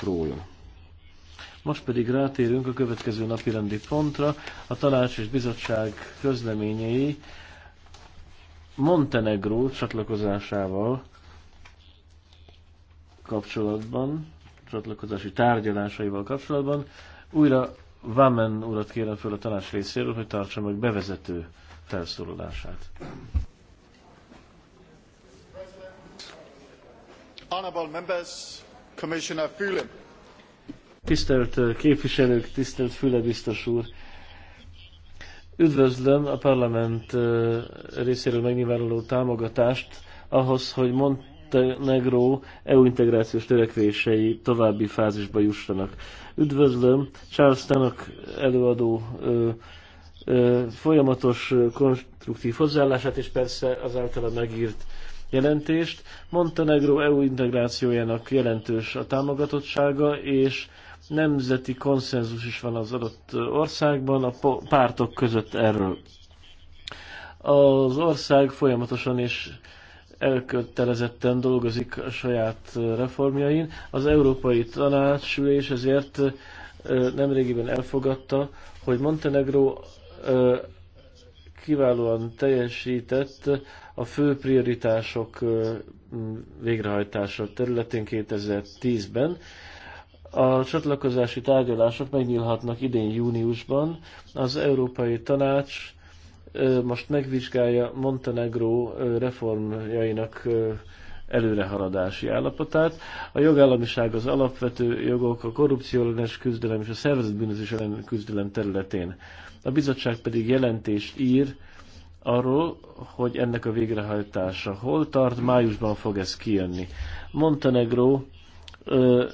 tudunk róla. Most pedig rátérünk a következő napi rendi pontra, a tanács és bizottság közleményei Montenegró csatlakozásával kapcsolatban, csatlakozási tárgyalásaival kapcsolatban. Újra Vámen urat kérem föl a tanács részéről, hogy tartsa meg bevezető felszólalását. Honorable members, Commissioner Füle. Tisztelt eh, képviselők, tisztelt Füle biztos úr! Üdvözlöm a parlament eh, részéről megnyilvánuló támogatást ahhoz, hogy Montenegró EU integrációs törekvései további fázisba jussanak. Üdvözlöm Charles Tannock előadó ö, eh, ö, folyamatos konstruktív hozzáállását, és persze az általa megírt jelentést. Montenegro EU integrációjának jelentős a támogatottsága, és nemzeti konszenzus is van az adott országban, a pártok között erről. Az ország folyamatosan és elkötelezetten dolgozik a saját reformjain. Az Európai Tanácsülés ezért nemrégiben elfogadta, hogy Montenegro kiválóan teljesített a fő prioritások végrehajtása területén 2010-ben. A csatlakozási tárgyalások megnyílhatnak idén júniusban. Az Európai Tanács most megvizsgálja Montenegró reformjainak előrehaladási állapotát. A jogállamiság az alapvető jogok, a korrupció ellenes küzdelem és a szervezetbűnözés bűnözés ellen küzdelem területén. A bizottság pedig jelentést ír arról, hogy ennek a végrehajtása hol tart, májusban fog ez kijönni. Montenegro ö,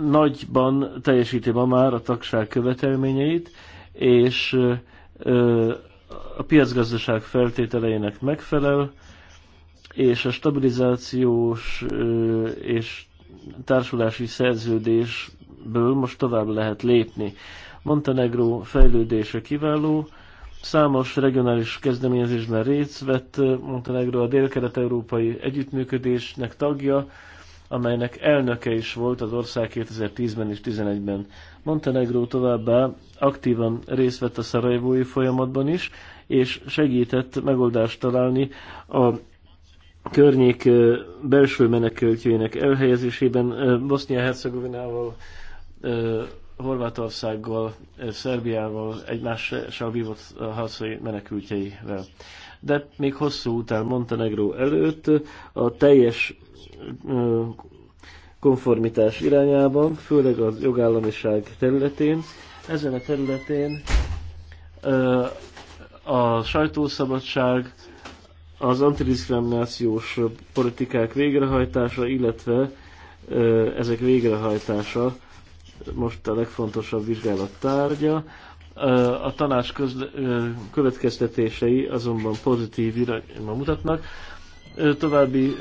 nagyban teljesíti ma már a tagság követelményeit, és ö, a piacgazdaság feltételeinek megfelel, és a stabilizációs ö, és társulási szerződésből most tovább lehet lépni. Montenegro fejlődése kiváló, Számos regionális kezdeményezésben részt vett Montenegro a dél-kelet-európai együttműködésnek tagja, amelynek elnöke is volt az ország 2010-ben és 2011-ben. Montenegro továbbá aktívan részt vett a szarajvói folyamatban is, és segített megoldást találni a környék belső menekültjének elhelyezésében Bosznia-Hercegovinával Horvátországgal, Szerbiával, egymással vívott harcai menekültjeivel. De még hosszú után Montenegro előtt a teljes konformitás irányában, főleg a jogállamiság területén. Ezen a területén a sajtószabadság, az antidiszkriminációs politikák végrehajtása, illetve ezek végrehajtása most a legfontosabb vizsgálat tárgya. A tanács következtetései azonban pozitív irányba mutatnak. További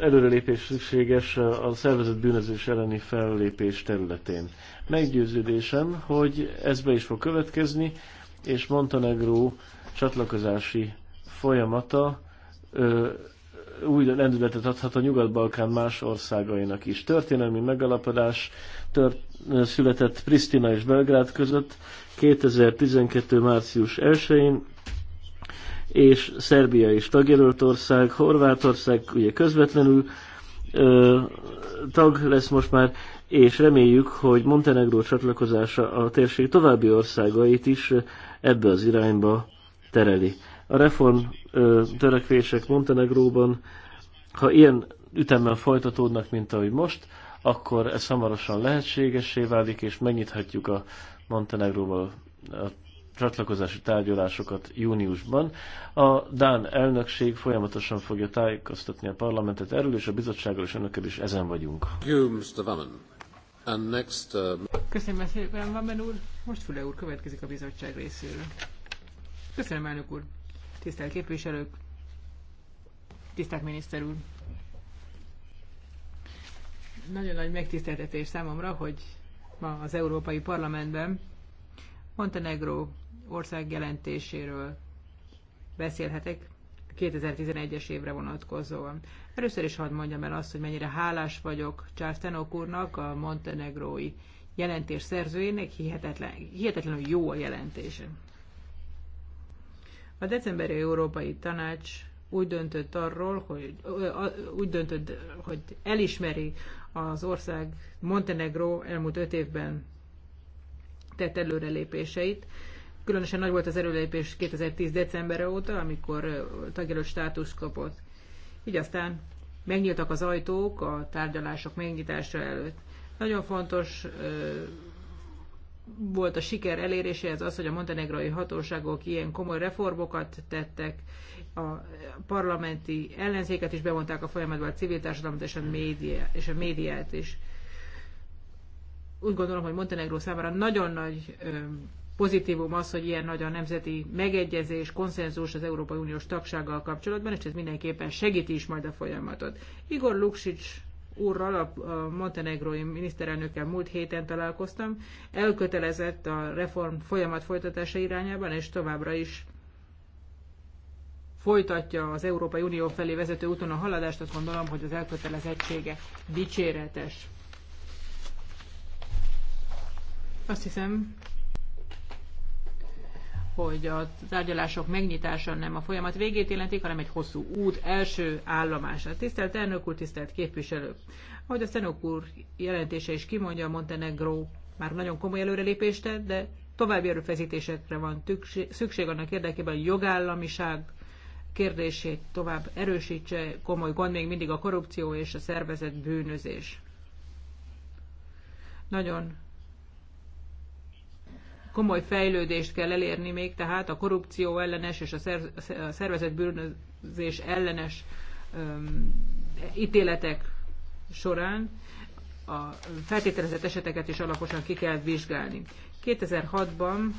előrelépés szükséges a szervezet bűnözés elleni fellépés területén. Meggyőződésem, hogy ez be is fog következni, és Montenegró csatlakozási folyamata új rendületet adhat a Nyugat-Balkán más országainak is. Történelmi megalapodás tört, született Pristina és Belgrád között 2012. március 1-én, és Szerbia is tagjelölt ország, Horvátország ugye közvetlenül ö, tag lesz most már, és reméljük, hogy Montenegró csatlakozása a térség további országait is ebbe az irányba tereli. A reform törekvések Montenegróban, ha ilyen ütemben folytatódnak, mint ahogy most, akkor ez hamarosan lehetségessé válik, és megnyithatjuk a Montenegróval a csatlakozási tárgyalásokat júniusban. A Dán elnökség folyamatosan fogja tájékoztatni a parlamentet erről, és a bizottsággal és önökkel is ezen vagyunk. Uh, Köszönöm szépen, Vamen úr. Most Füle úr következik a bizottság részéről. Köszönöm, elnök úr tisztelt képviselők, tisztelt miniszter úr! Nagyon nagy megtiszteltetés számomra, hogy ma az Európai Parlamentben Montenegro ország jelentéséről beszélhetek 2011-es évre vonatkozóan. Először is hadd mondjam el azt, hogy mennyire hálás vagyok Charles Tenok úrnak, a montenegrói jelentés szerzőjének, hihetetlen, hihetetlenül jó a jelentése. A decemberi Európai Tanács úgy döntött arról, hogy úgy döntött, hogy elismeri az ország Montenegro elmúlt öt évben tett előrelépéseit. Különösen nagy volt az előrelépés 2010. decemberre óta, amikor tagjelölt státuszt kapott. Így aztán megnyíltak az ajtók a tárgyalások megnyitása előtt. Nagyon fontos volt a siker eléréséhez az, hogy a montenegrai hatóságok ilyen komoly reformokat tettek, a parlamenti ellenzéket is bevonták a folyamatba, a civil társadalmat és a, média, és a médiát is. Úgy gondolom, hogy Montenegró számára nagyon nagy pozitívum az, hogy ilyen nagy a nemzeti megegyezés, konszenzus az Európai Uniós tagsággal kapcsolatban, és ez mindenképpen segíti is majd a folyamatot. Igor Luksics úrral, a, montenegrói miniszterelnökkel múlt héten találkoztam, elkötelezett a reform folyamat folytatása irányában, és továbbra is folytatja az Európai Unió felé vezető úton a haladást, azt gondolom, hogy az elkötelezettsége dicséretes. Azt hiszem, hogy a tárgyalások megnyitása nem a folyamat végét jelentik, hanem egy hosszú út első állomása. Hát tisztelt elnök úr, tisztelt képviselők! Ahogy a Szenok úr jelentése is kimondja, Montenegro már nagyon komoly előrelépést tett, de további erőfeszítésekre van szükség annak érdekében, hogy jogállamiság kérdését tovább erősítse. Komoly gond még mindig a korrupció és a szervezet bűnözés. Nagyon komoly fejlődést kell elérni még, tehát a korrupció ellenes és a szervezett bűnözés ellenes um, ítéletek során a feltételezett eseteket is alaposan ki kell vizsgálni. 2006-ban,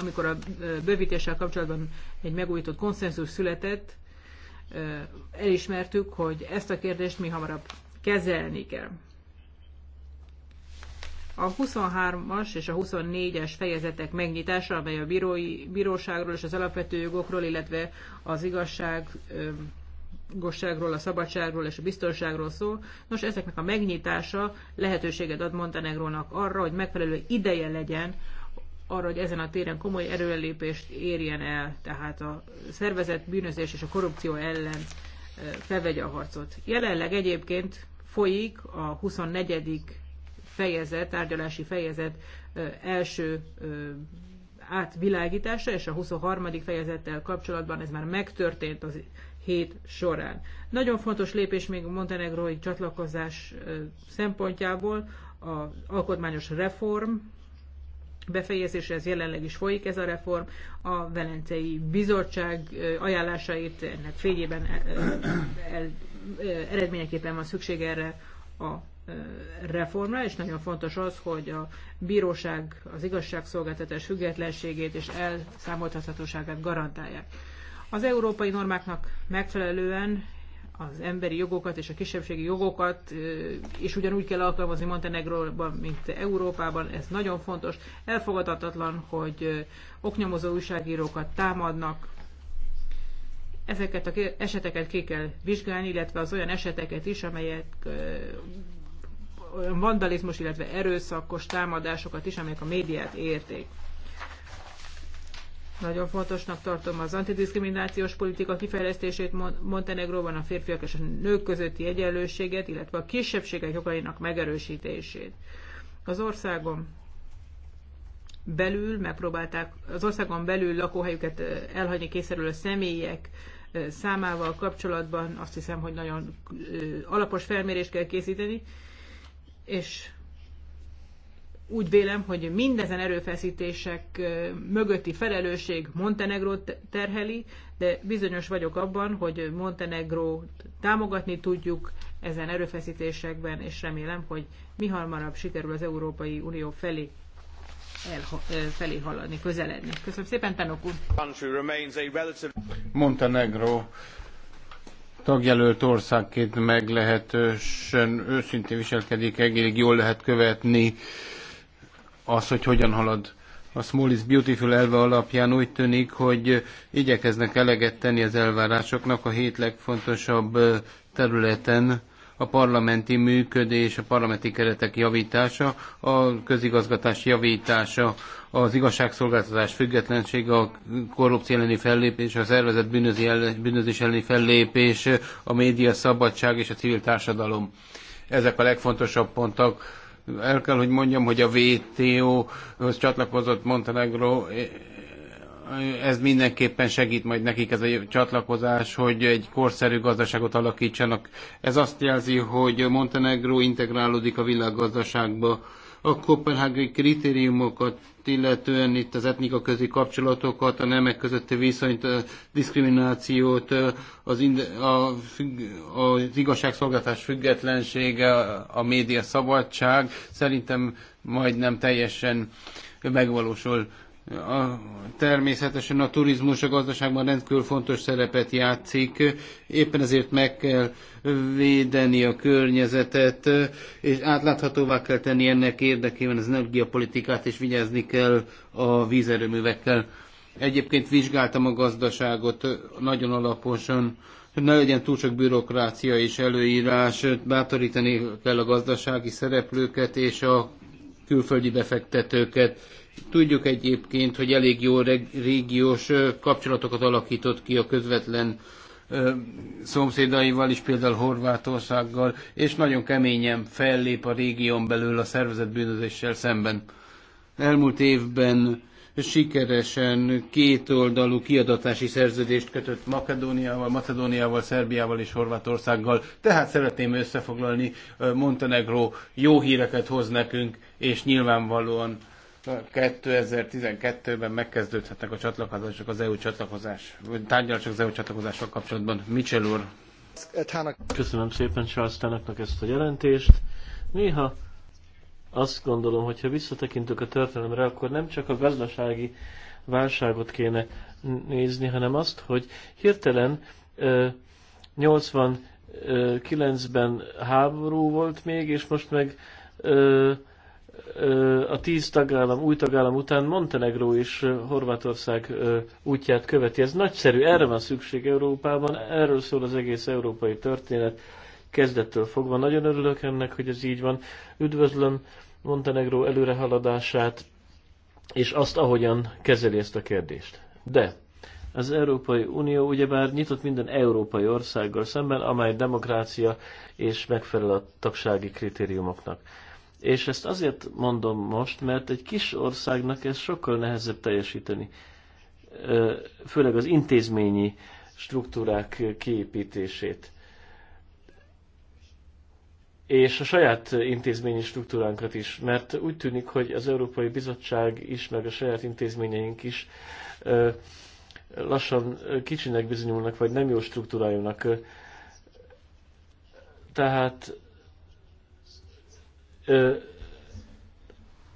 amikor a bővítéssel kapcsolatban egy megújított konszenzus született, elismertük, hogy ezt a kérdést mi hamarabb kezelni kell. A 23-as és a 24-es fejezetek megnyitása, amely a bírói, bíróságról és az alapvető jogokról, illetve az igazság gosságról, a szabadságról és a biztonságról szól. Nos, ezeknek a megnyitása lehetőséget ad Montenegrónak arra, hogy megfelelő ideje legyen arra, hogy ezen a téren komoly erőlépést érjen el, tehát a szervezet bűnözés és a korrupció ellen felvegye a harcot. Jelenleg egyébként folyik a 24 fejezet, tárgyalási fejezet első átvilágítása, és a 23. fejezettel kapcsolatban ez már megtörtént az hét során. Nagyon fontos lépés még a montenegrói csatlakozás szempontjából az alkotmányos reform befejezése, ez jelenleg is folyik ez a reform, a Velencei Bizottság ajánlásait ennek fényében el, el, el, eredményeképpen van szükség erre a reformra, és nagyon fontos az, hogy a bíróság, az igazságszolgáltatás függetlenségét és elszámoltathatóságát garantálják. Az európai normáknak megfelelően az emberi jogokat és a kisebbségi jogokat is ugyanúgy kell alkalmazni Montenegróban, mint Európában. Ez nagyon fontos. Elfogadhatatlan, hogy oknyomozó újságírókat támadnak. Ezeket az eseteket ki kell vizsgálni, illetve az olyan eseteket is, amelyek olyan vandalizmus, illetve erőszakos támadásokat is, amelyek a médiát érték. Nagyon fontosnak tartom az antidiszkriminációs politika kifejlesztését Montenegróban, a férfiak és a nők közötti egyenlőséget, illetve a kisebbségek jogainak megerősítését. Az országon belül megpróbálták, az országon belül lakóhelyüket elhagyni készerülő személyek számával kapcsolatban azt hiszem, hogy nagyon alapos felmérést kell készíteni, és úgy vélem, hogy mindezen erőfeszítések mögötti felelősség Montenegro terheli, de bizonyos vagyok abban, hogy Montenegro támogatni tudjuk ezen erőfeszítésekben, és remélem, hogy mi hamarabb sikerül az Európai Unió felé el, felé haladni, közeledni. Köszönöm szépen, Tanok úr! Montenegro tagjelölt országként meglehetősen őszintén viselkedik, egérig jól lehet követni az, hogy hogyan halad a Small is Beautiful elve alapján úgy tűnik, hogy igyekeznek eleget tenni az elvárásoknak a hét legfontosabb területen, a parlamenti működés, a parlamenti keretek javítása, a közigazgatás javítása, az igazságszolgáltatás függetlensége, a korrupció elleni fellépés, a szervezet bűnözés elleni fellépés, a média szabadság és a civil társadalom. Ezek a legfontosabb pontok. El kell, hogy mondjam, hogy a WTO-hoz csatlakozott Montenegro ez mindenképpen segít majd nekik ez a csatlakozás, hogy egy korszerű gazdaságot alakítsanak. Ez azt jelzi, hogy Montenegro integrálódik a világgazdaságba. A kopenhágai kritériumokat illetően itt az etnika közi kapcsolatokat, a nemek közötti viszonyt, a diszkriminációt, az, ind- a, az igazságszolgáltás függetlensége, a média szabadság szerintem majdnem teljesen megvalósul a, természetesen a turizmus a gazdaságban rendkívül fontos szerepet játszik, éppen ezért meg kell védeni a környezetet, és átláthatóvá kell tenni ennek érdekében az energiapolitikát, és vigyázni kell a vízerőművekkel. Egyébként vizsgáltam a gazdaságot nagyon alaposan, hogy ne legyen túl sok bürokrácia és előírás, bátorítani kell a gazdasági szereplőket és a külföldi befektetőket Tudjuk egyébként, hogy elég jó régiós kapcsolatokat alakított ki a közvetlen szomszédaival is, például Horvátországgal, és nagyon keményen fellép a régión belül a szervezett bűnözéssel szemben. Elmúlt évben sikeresen kétoldalú kiadatási szerződést kötött Makedóniával, Macedóniával, Szerbiával és Horvátországgal. Tehát szeretném összefoglalni, Montenegro jó híreket hoz nekünk, és nyilvánvalóan 2012-ben megkezdődhetnek a csatlakozások az EU csatlakozás, vagy tárgyalások az EU csatlakozással kapcsolatban. Mitchell úr. Köszönöm szépen Charles Tánaknak ezt a jelentést. Néha azt gondolom, hogy ha visszatekintünk a történelemre, akkor nem csak a gazdasági válságot kéne nézni, hanem azt, hogy hirtelen 89-ben háború volt még, és most meg a tíz tagállam, új tagállam után Montenegró és Horvátország útját követi. Ez nagyszerű, erre van szükség Európában, erről szól az egész európai történet kezdettől fogva. Nagyon örülök ennek, hogy ez így van. Üdvözlöm Montenegró előrehaladását, és azt, ahogyan kezeli ezt a kérdést. De az Európai Unió ugyebár nyitott minden európai országgal szemben, amely demokrácia és megfelel a tagsági kritériumoknak és ezt azért mondom most, mert egy kis országnak ez sokkal nehezebb teljesíteni. Főleg az intézményi struktúrák kiépítését. És a saját intézményi struktúránkat is, mert úgy tűnik, hogy az Európai Bizottság is, meg a saját intézményeink is lassan kicsinek bizonyulnak, vagy nem jó struktúrájúnak. Tehát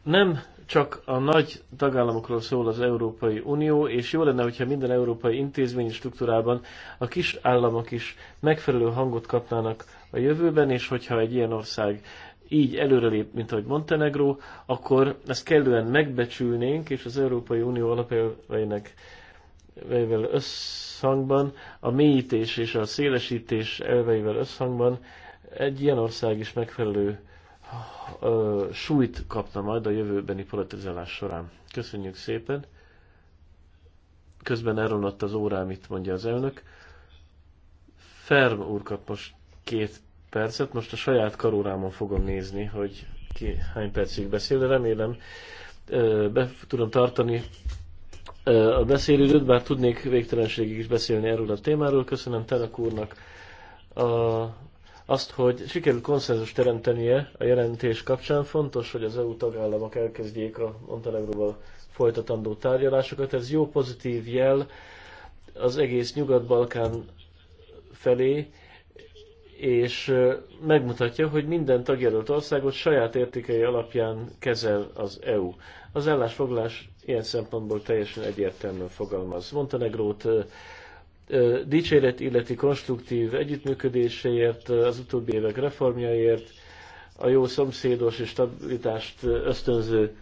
nem csak a nagy tagállamokról szól az Európai Unió, és jó lenne, hogyha minden európai intézmény struktúrában a kis államok is megfelelő hangot kapnának a jövőben, és hogyha egy ilyen ország így előrelép, mint ahogy Montenegró, akkor ezt kellően megbecsülnénk, és az Európai Unió alapelveinek elveivel összhangban, a mélyítés és a szélesítés elveivel összhangban egy ilyen ország is megfelelő ö, súlyt kapna majd a jövőbeni politizálás során. Köszönjük szépen! Közben elromlott az órám, itt mondja az elnök. Ferm úr kap most két percet, most a saját karórámon fogom nézni, hogy ki hány percig beszél, de remélem ö, be tudom tartani ö, a beszélődőt, bár tudnék végtelenségig is beszélni erről a témáról. Köszönöm Telek úrnak a azt, hogy sikerül konszenzus teremtenie a jelentés kapcsán. Fontos, hogy az EU tagállamok elkezdjék a Montenegróval folytatandó tárgyalásokat. Ez jó pozitív jel az egész Nyugat-Balkán felé, és megmutatja, hogy minden tagjelölt országot saját értékei alapján kezel az EU. Az állásfoglás ilyen szempontból teljesen egyértelműen fogalmaz. Montenegrót dicséret illeti konstruktív együttműködéséért, az utóbbi évek reformjaiért, a jó szomszédos és stabilitást ösztönző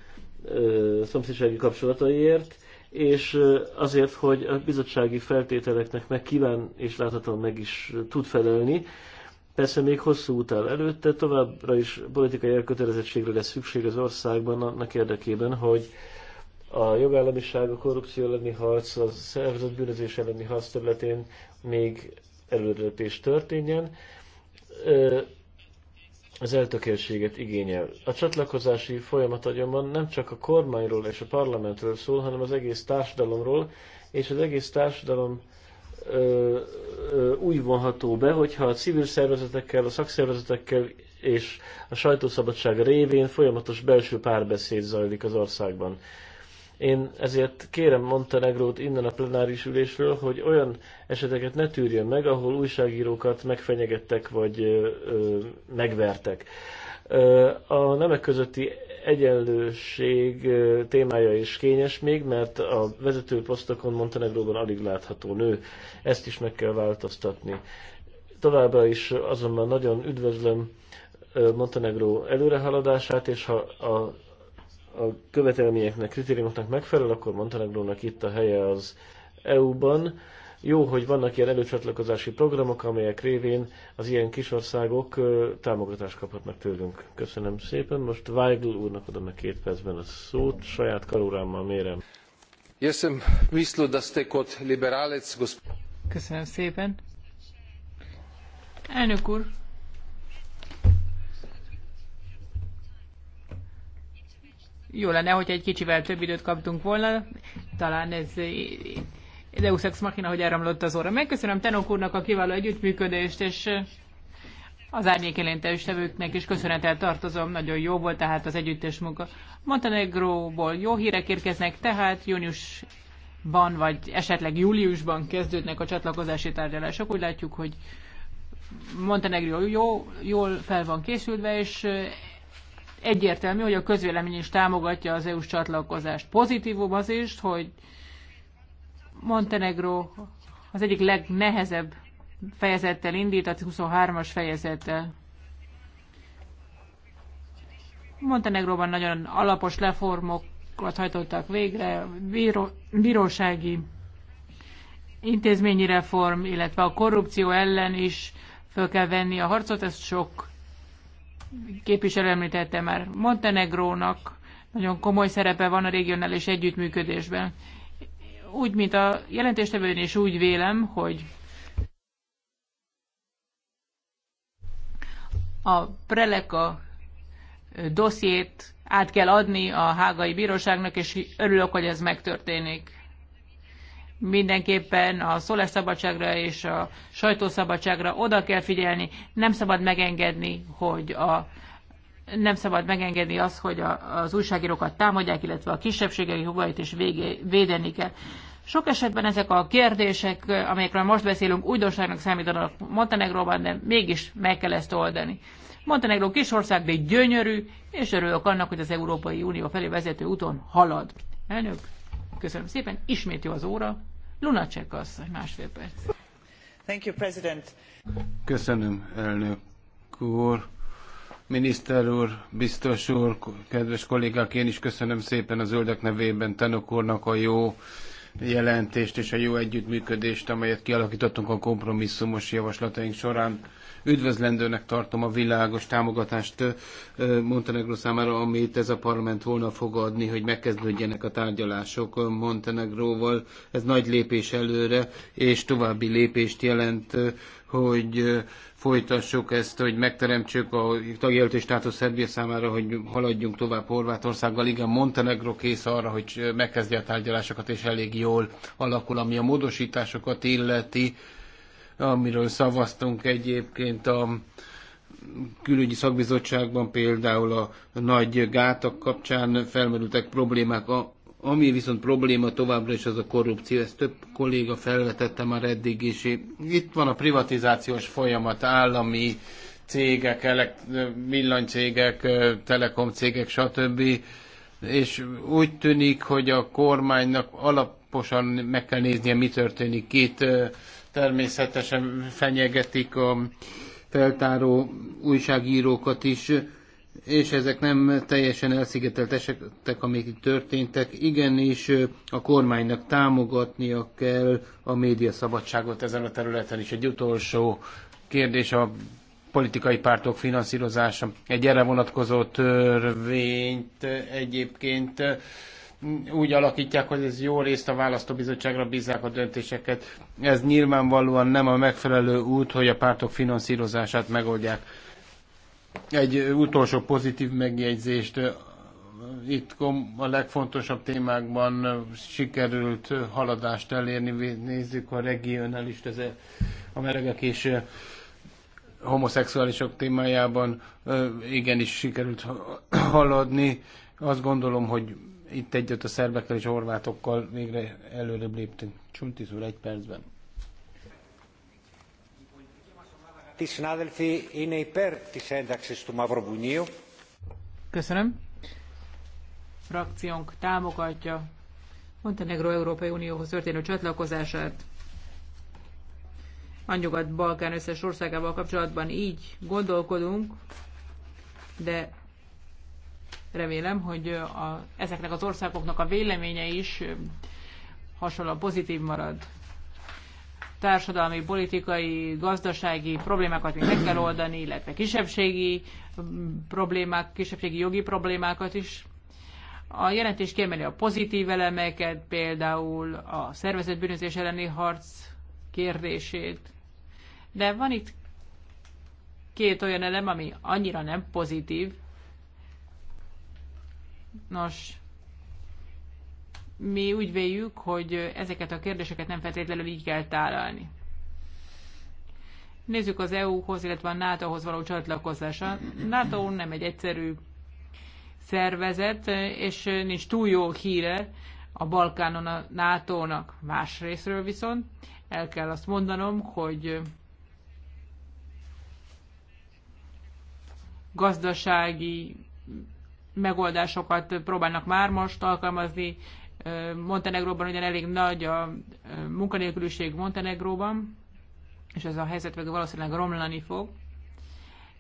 szomszédsági kapcsolataiért, és azért, hogy a bizottsági feltételeknek meg kíván és láthatóan meg is tud felelni. Persze még hosszú út áll előtte, továbbra is politikai elkötelezettségre lesz szükség az országban annak érdekében, hogy a jogállamiság, a korrupció elleni harc, a szervezett bűnözés elleni harc területén még előrelépés történjen. Az eltökéltséget igényel. A csatlakozási folyamat agyonban nem csak a kormányról és a parlamentről szól, hanem az egész társadalomról, és az egész társadalom ö, ö, úgy vonható be, hogyha a civil szervezetekkel, a szakszervezetekkel és a sajtószabadság révén folyamatos belső párbeszéd zajlik az országban én ezért kérem Montenegrót innen a plenáris ülésről, hogy olyan eseteket ne tűrjön meg, ahol újságírókat megfenyegettek vagy ö, megvertek. Ö, a nemek közötti egyenlőség témája is kényes még, mert a vezető posztokon Montenegróban alig látható nő. Ezt is meg kell változtatni. Továbbá is azonban nagyon üdvözlöm Montenegró előrehaladását, és ha a a követelményeknek, kritériumoknak megfelel, akkor Montenegrónak itt a helye az EU-ban. Jó, hogy vannak ilyen előcsatlakozási programok, amelyek révén az ilyen kisországok támogatást kaphatnak tőlünk. Köszönöm szépen. Most Weigl úrnak adom a két percben a szót, saját karórámmal mérem. Köszönöm szépen. Elnök úr, Jó lenne, hogy egy kicsivel több időt kaptunk volna, talán ez eh, Deus Ex Machina, hogy elramlott az óra. Megköszönöm Tenok úrnak a kiváló együttműködést, és eh, az árnyékjelentés tevőknek is köszönetel tartozom, nagyon jó volt tehát az együttes munka. Montenegróból jó hírek érkeznek, tehát júniusban, vagy esetleg júliusban kezdődnek a csatlakozási tárgyalások. Úgy látjuk, hogy Montenegro jó, jól fel van készülve, és eh, Egyértelmű, hogy a közvélemény is támogatja az EU-s csatlakozást. Pozitívum az is, hogy Montenegro az egyik legnehezebb fejezettel indít, a 23-as fejezettel. Montenegróban nagyon alapos reformokat hajtottak végre, bíró, bírósági intézményi reform, illetve a korrupció ellen is föl kell venni a harcot, ezt sok képviselő említette már, Montenegrónak nagyon komoly szerepe van a regionális együttműködésben. Úgy, mint a jelentéstevőn is úgy vélem, hogy a Preleka dossziét át kell adni a hágai bíróságnak, és örülök, hogy ez megtörténik mindenképpen a szólásszabadságra és a sajtószabadságra oda kell figyelni, nem szabad megengedni, hogy a nem szabad megengedni azt, hogy a, az újságírókat támadják, illetve a kisebbségek jogait is végé, védeni kell. Sok esetben ezek a kérdések, amelyekről most beszélünk, újdonságnak számítanak Montenegróban, de mégis meg kell ezt oldani. Montenegró kisország, de gyönyörű, és örülök annak, hogy az Európai Unió felé vezető úton halad. Elnök! Köszönöm szépen, ismét jó az óra. Lunacek egy másfél perc. Thank you, President. Köszönöm, elnök úr. Miniszter úr, biztos úr, kedves kollégák, én is köszönöm szépen a zöldek nevében Tenok úrnak a jó jelentést és a jó együttműködést, amelyet kialakítottunk a kompromisszumos javaslataink során. Üdvözlendőnek tartom a világos támogatást Montenegro számára, amit ez a parlament volna fog adni, hogy megkezdődjenek a tárgyalások Montenegróval. Ez nagy lépés előre, és további lépést jelent, hogy folytassuk ezt, hogy megteremtsük a tagjelölti státusz Szerbia számára, hogy haladjunk tovább Horvátországgal. Igen, Montenegro kész arra, hogy megkezdje a tárgyalásokat, és elég jól alakul, ami a módosításokat illeti amiről szavaztunk egyébként a külügyi szakbizottságban, például a nagy gátak kapcsán felmerültek problémák. A, ami viszont probléma továbbra is az a korrupció, ezt több kolléga felvetette már eddig is. Itt van a privatizációs folyamat, állami cégek, villanycégek, telekomcégek, stb. És úgy tűnik, hogy a kormánynak alaposan meg kell néznie, mi történik itt természetesen fenyegetik a feltáró újságírókat is, és ezek nem teljesen elszigetelt esetek, amik itt történtek. Igenis a kormánynak támogatnia kell a médiaszabadságot ezen a területen is. Egy utolsó kérdés a politikai pártok finanszírozása. Egy erre vonatkozó törvényt egyébként úgy alakítják, hogy ez jó részt a választóbizottságra bízzák a döntéseket. Ez nyilvánvalóan nem a megfelelő út, hogy a pártok finanszírozását megoldják. Egy utolsó pozitív megjegyzést. Itt a legfontosabb témákban sikerült haladást elérni. Nézzük a regionalist, ez a meregek és eh, homoszexuálisok témájában eh, igenis sikerült haladni. Azt gondolom, hogy itt együtt a szerbekkel és horvátokkal végre előrebb léptünk. Csuntis úr, egy percben. Köszönöm. Frakciónk támogatja Montenegro Európai Unióhoz történő csatlakozását. A Nyugat-Balkán összes országával kapcsolatban így gondolkodunk, de Remélem, hogy a, ezeknek az országoknak a véleménye is hasonlóan pozitív marad. Társadalmi, politikai, gazdasági problémákat még meg kell oldani, illetve kisebbségi problémák, kisebbségi jogi problémákat is. A jelentés kiemeli a pozitív elemeket, például a szervezetbűnözés elleni harc kérdését. De van itt két olyan elem, ami annyira nem pozitív, Nos, mi úgy véljük, hogy ezeket a kérdéseket nem feltétlenül így kell tárolni. Nézzük az EU-hoz, illetve a NATO-hoz való csatlakozását. NATO nem egy egyszerű szervezet, és nincs túl jó híre a Balkánon a NATO-nak. Más részről viszont el kell azt mondanom, hogy gazdasági megoldásokat próbálnak már most alkalmazni. Montenegróban ugyan elég nagy a munkanélküliség Montenegróban, és ez a helyzet meg valószínűleg romlani fog.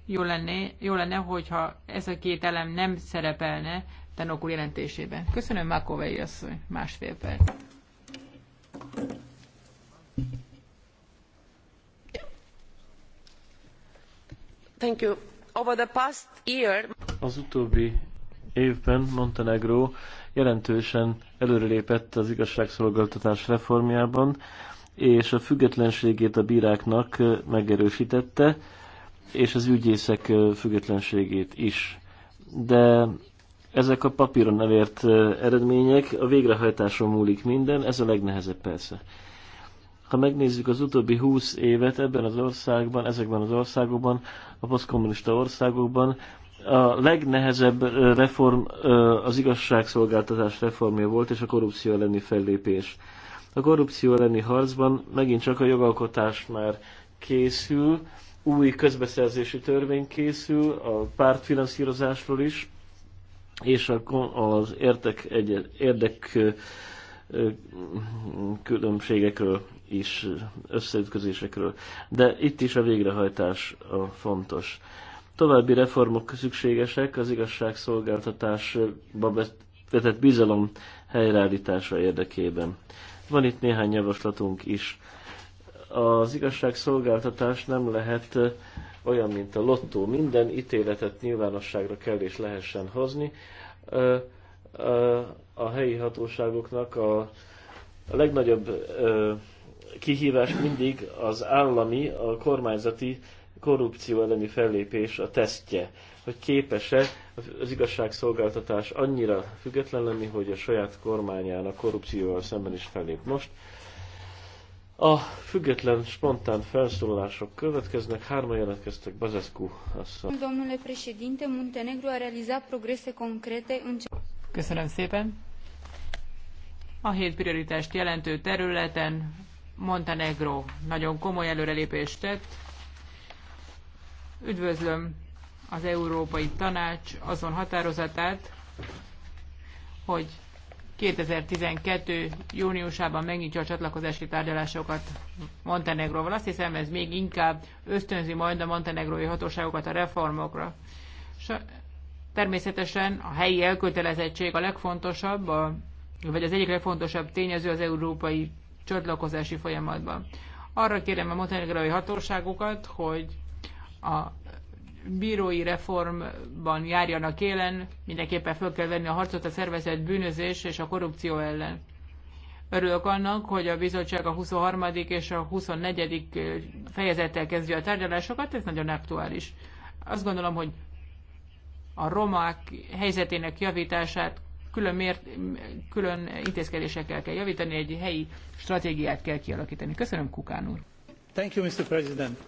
Jó lenne, jó lenne, hogyha ez a két elem nem szerepelne Tenok úr jelentésében. Köszönöm, Makovei asszony, másfél perc. Thank you. Over the past year... Az utóbbi évben Montenegro jelentősen előrelépett az igazságszolgáltatás reformjában, és a függetlenségét a bíráknak megerősítette, és az ügyészek függetlenségét is. De ezek a papíron elért eredmények, a végrehajtáson múlik minden, ez a legnehezebb persze. Ha megnézzük az utóbbi 20 évet ebben az országban, ezekben az országokban, a posztkommunista országokban, a legnehezebb reform az igazságszolgáltatás reformja volt, és a korrupció elleni fellépés. A korrupció elleni harcban megint csak a jogalkotás már készül, új közbeszerzési törvény készül, a pártfinanszírozásról is, és az értek, egy, érdek különbségekről is, összeütközésekről. De itt is a végrehajtás a fontos. További reformok szükségesek az igazságszolgáltatásba vetett bizalom helyreállítása érdekében. Van itt néhány javaslatunk is. Az igazságszolgáltatás nem lehet olyan, mint a lottó. Minden ítéletet nyilvánosságra kell és lehessen hozni. A helyi hatóságoknak a legnagyobb kihívás mindig az állami, a kormányzati korrupció elleni fellépés a tesztje, hogy képes-e az igazságszolgáltatás annyira független lenni, hogy a saját kormányán a korrupcióval szemben is fellép most. A független, spontán felszólalások következnek. hárma jelentkeztek Bazescu asszony. Domnule președinte, Muntenegru a realizat progrese concrete în... Köszönöm szépen. A hét prioritást jelentő területen Montenegro nagyon komoly előrelépést tett Üdvözlöm az Európai Tanács azon határozatát, hogy 2012. júniusában megnyitja a csatlakozási tárgyalásokat Montenegróval. Azt hiszem, ez még inkább ösztönzi majd a montenegrói hatóságokat a reformokra. S természetesen a helyi elkötelezettség a legfontosabb, a, vagy az egyik legfontosabb tényező az európai csatlakozási folyamatban. Arra kérem a montenegrói hatóságokat, hogy a bírói reformban járjanak élen, mindenképpen fel kell venni a harcot a szervezett bűnözés és a korrupció ellen. Örülök annak, hogy a bizottság a 23. és a 24. fejezettel kezdi a tárgyalásokat, ez nagyon aktuális. Azt gondolom, hogy a romák helyzetének javítását külön, mért, külön intézkedésekkel kell javítani, egy helyi stratégiát kell kialakítani. Köszönöm, Kukán úr. Thank you, Mr. President.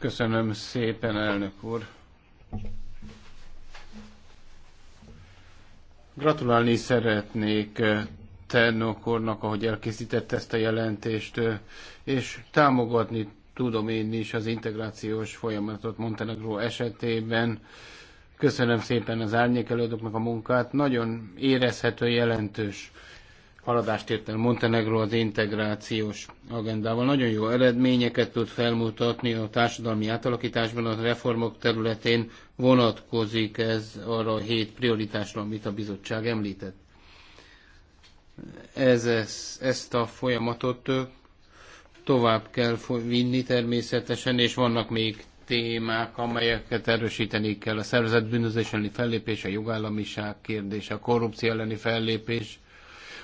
Köszönöm szépen, elnök úr. Gratulálni szeretnék eh, Ternok úrnak, ahogy elkészítette ezt a jelentést, eh, és támogatni tudom én is az integrációs folyamatot Montenegro esetében. Köszönöm szépen az árnyékelődöknek a munkát, nagyon érezhető, jelentős haladást ért el Montenegro az integrációs agendával. Nagyon jó eredményeket tud felmutatni a társadalmi átalakításban, a reformok területén vonatkozik ez arra a hét prioritásra, amit a bizottság említett. Ez, ez, ezt a folyamatot tovább kell vinni természetesen, és vannak még témák, amelyeket erősíteni kell. A szervezett bűnözés elleni fellépés, a jogállamiság kérdése, a korrupció elleni fellépés,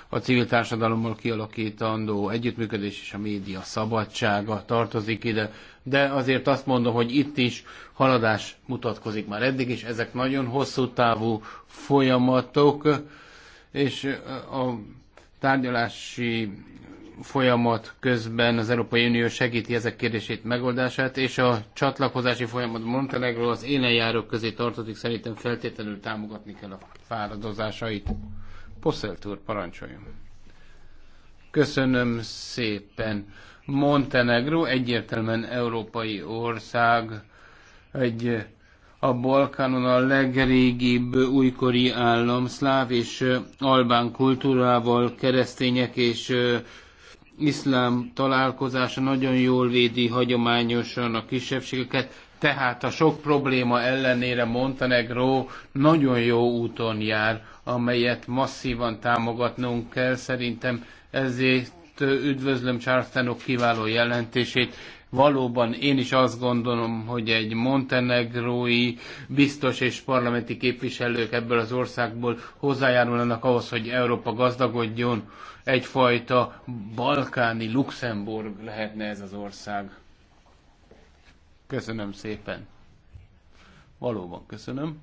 a civil társadalommal kialakítandó együttműködés és a média szabadsága tartozik ide, de azért azt mondom, hogy itt is haladás mutatkozik már eddig is, ezek nagyon hosszú távú folyamatok, és a tárgyalási folyamat közben az Európai Unió segíti ezek kérdését megoldását, és a csatlakozási folyamat Montenegro az élenjárók közé tartozik, szerintem feltétlenül támogatni kell a fáradozásait. Posselt úr, parancsoljon. Köszönöm szépen. Montenegro egyértelműen európai ország, egy a Balkánon a legrégibb újkori állam, szláv és albán kultúrával keresztények és iszlám találkozása nagyon jól védi hagyományosan a kisebbségeket, tehát a sok probléma ellenére Montenegro nagyon jó úton jár amelyet masszívan támogatnunk kell. Szerintem ezért üdvözlöm Charles kiváló jelentését. Valóban én is azt gondolom, hogy egy montenegrói biztos és parlamenti képviselők ebből az országból hozzájárulnak ahhoz, hogy Európa gazdagodjon. Egyfajta balkáni Luxemburg lehetne ez az ország. Köszönöm szépen. Valóban köszönöm.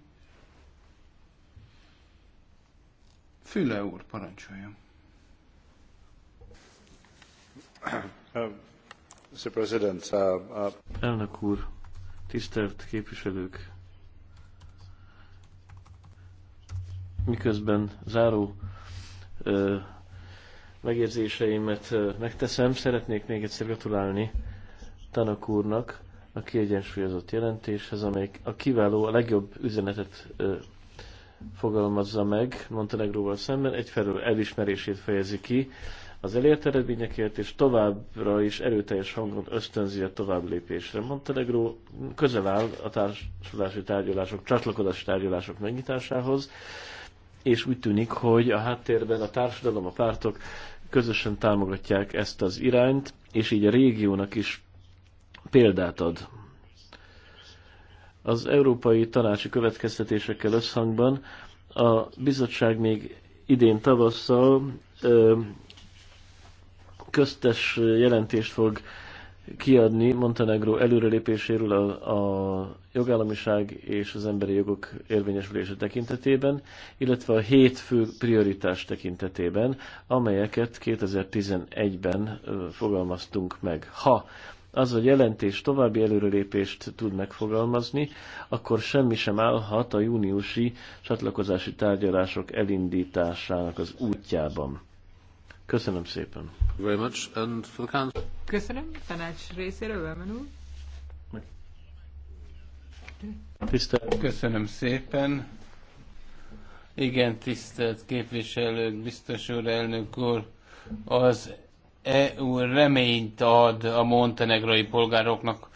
Füle úr, parancsolja. Uh, uh, Elnök úr, tisztelt képviselők! Miközben záró ö, megérzéseimet ö, megteszem, szeretnék még egyszer gratulálni Tanak úrnak a kiegyensúlyozott jelentéshez, amely a kiváló, a legjobb üzenetet ö, fogalmazza meg Montenegróval szemben, egyfelől elismerését fejezi ki az elért eredményekért, és továbbra is erőteljes hangon ösztönzi a tovább lépésre. Montenegró közel áll a társulási tárgyalások, csatlakozási tárgyalások megnyitásához, és úgy tűnik, hogy a háttérben a társadalom, a pártok közösen támogatják ezt az irányt, és így a régiónak is példát ad az európai tanácsi következtetésekkel összhangban a bizottság még idén tavasszal ö, köztes jelentést fog kiadni Montenegro előrelépéséről a, a jogállamiság és az emberi jogok érvényesülése tekintetében, illetve a hét fő prioritás tekintetében, amelyeket 2011-ben fogalmaztunk meg. Ha az, a jelentés további előrelépést tud megfogalmazni, akkor semmi sem állhat a júniusi csatlakozási tárgyalások elindításának az útjában. Köszönöm szépen. Very much. And for the council. Köszönöm. Tanács részéről, Elmen Tisztelt. Köszönöm szépen. Igen, tisztelt képviselők, biztos úr, elnök úr. Az EU reményt ad a montenegrai polgároknak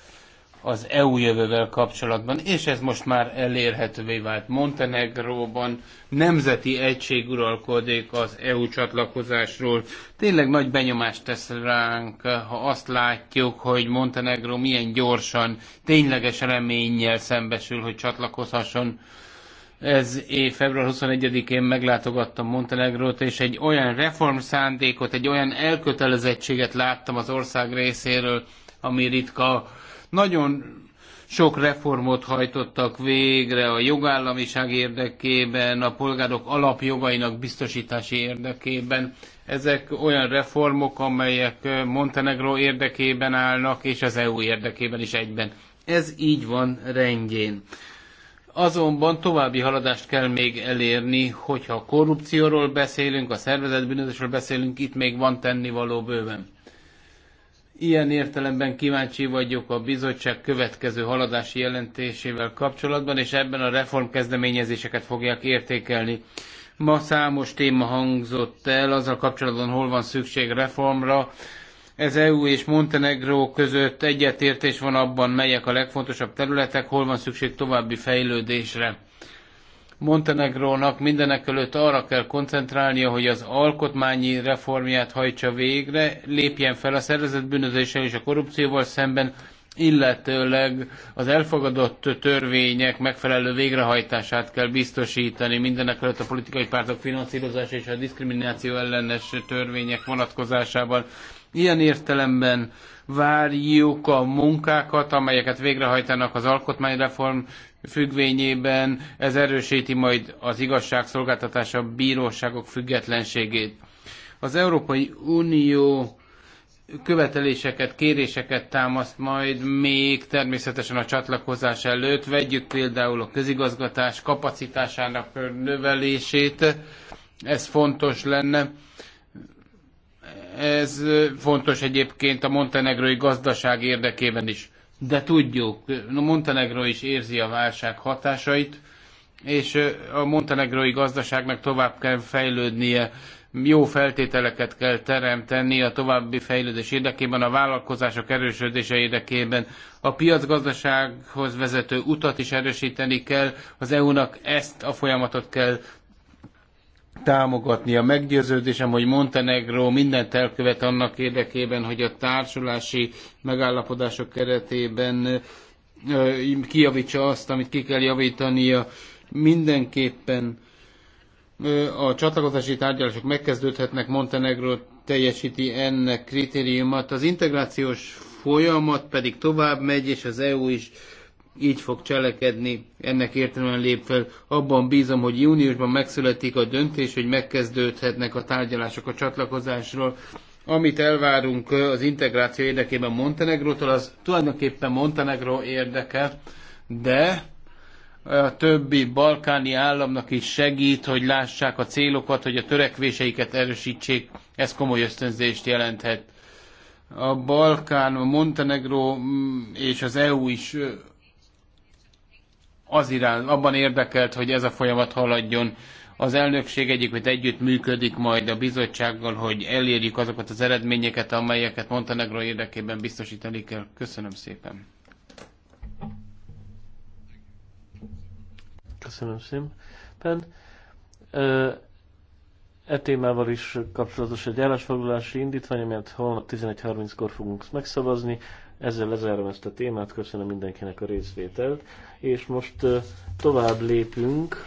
az EU jövővel kapcsolatban, és ez most már elérhetővé vált Montenegróban. Nemzeti egység uralkodik az EU csatlakozásról. Tényleg nagy benyomást tesz ránk, ha azt látjuk, hogy Montenegró milyen gyorsan, tényleges reménnyel szembesül, hogy csatlakozhasson ez év február 21-én meglátogattam Montenegrót, és egy olyan reformszándékot, egy olyan elkötelezettséget láttam az ország részéről, ami ritka. Nagyon sok reformot hajtottak végre a jogállamiság érdekében, a polgárok alapjogainak biztosítási érdekében. Ezek olyan reformok, amelyek Montenegró érdekében állnak, és az EU érdekében is egyben. Ez így van rendjén. Azonban további haladást kell még elérni, hogyha a korrupcióról beszélünk, a szervezetbűnözésről beszélünk, itt még van tennivaló bőven. Ilyen értelemben kíváncsi vagyok a bizottság következő haladási jelentésével kapcsolatban, és ebben a reform kezdeményezéseket fogják értékelni. Ma számos téma hangzott el azzal kapcsolatban, hol van szükség reformra, ez EU és Montenegró között egyetértés van abban, melyek a legfontosabb területek, hol van szükség további fejlődésre. Montenegrónak mindenek előtt arra kell koncentrálnia, hogy az alkotmányi reformját hajtsa végre, lépjen fel a szervezett bűnözéssel és a korrupcióval szemben, illetőleg az elfogadott törvények megfelelő végrehajtását kell biztosítani mindenek előtt a politikai pártok finanszírozása és a diszkrimináció ellenes törvények vonatkozásában. Ilyen értelemben várjuk a munkákat, amelyeket végrehajtanak az alkotmányreform függvényében. Ez erősíti majd az igazságszolgáltatása bíróságok függetlenségét. Az Európai Unió követeléseket, kéréseket támaszt majd még természetesen a csatlakozás előtt. Vegyük például a közigazgatás kapacitásának növelését, ez fontos lenne. Ez fontos egyébként a montenegrói gazdaság érdekében is. De tudjuk, Montenegro is érzi a válság hatásait, és a montenegrói gazdaságnak tovább kell fejlődnie, jó feltételeket kell teremteni a további fejlődés érdekében, a vállalkozások erősödése érdekében. A piacgazdasághoz vezető utat is erősíteni kell, az EU-nak ezt a folyamatot kell a Meggyőződésem, hogy Montenegró mindent elkövet annak érdekében, hogy a társulási megállapodások keretében kijavítsa azt, amit ki kell javítania. Mindenképpen a csatlakozási tárgyalások megkezdődhetnek, Montenegró teljesíti ennek kritériumát, az integrációs folyamat pedig tovább megy, és az EU is így fog cselekedni, ennek értelemben lép fel. Abban bízom, hogy júniusban megszületik a döntés, hogy megkezdődhetnek a tárgyalások a csatlakozásról. Amit elvárunk az integráció érdekében Montenegrótól, az tulajdonképpen Montenegró érdeke, de a többi balkáni államnak is segít, hogy lássák a célokat, hogy a törekvéseiket erősítsék. Ez komoly ösztönzést jelenthet. A Balkán, a Montenegró mm, és az EU is az irány, abban érdekelt, hogy ez a folyamat haladjon. Az elnökség egyik, hogy együtt működik majd a bizottsággal, hogy elérjük azokat az eredményeket, amelyeket Montenegro érdekében biztosítani kell. Köszönöm szépen. Köszönöm szépen. E témával is kapcsolatos egy állásfoglalási indítvány, amelyet holnap 11.30-kor fogunk megszavazni. Ezzel lezárom ezt a témát, köszönöm mindenkinek a részvételt és most tovább lépünk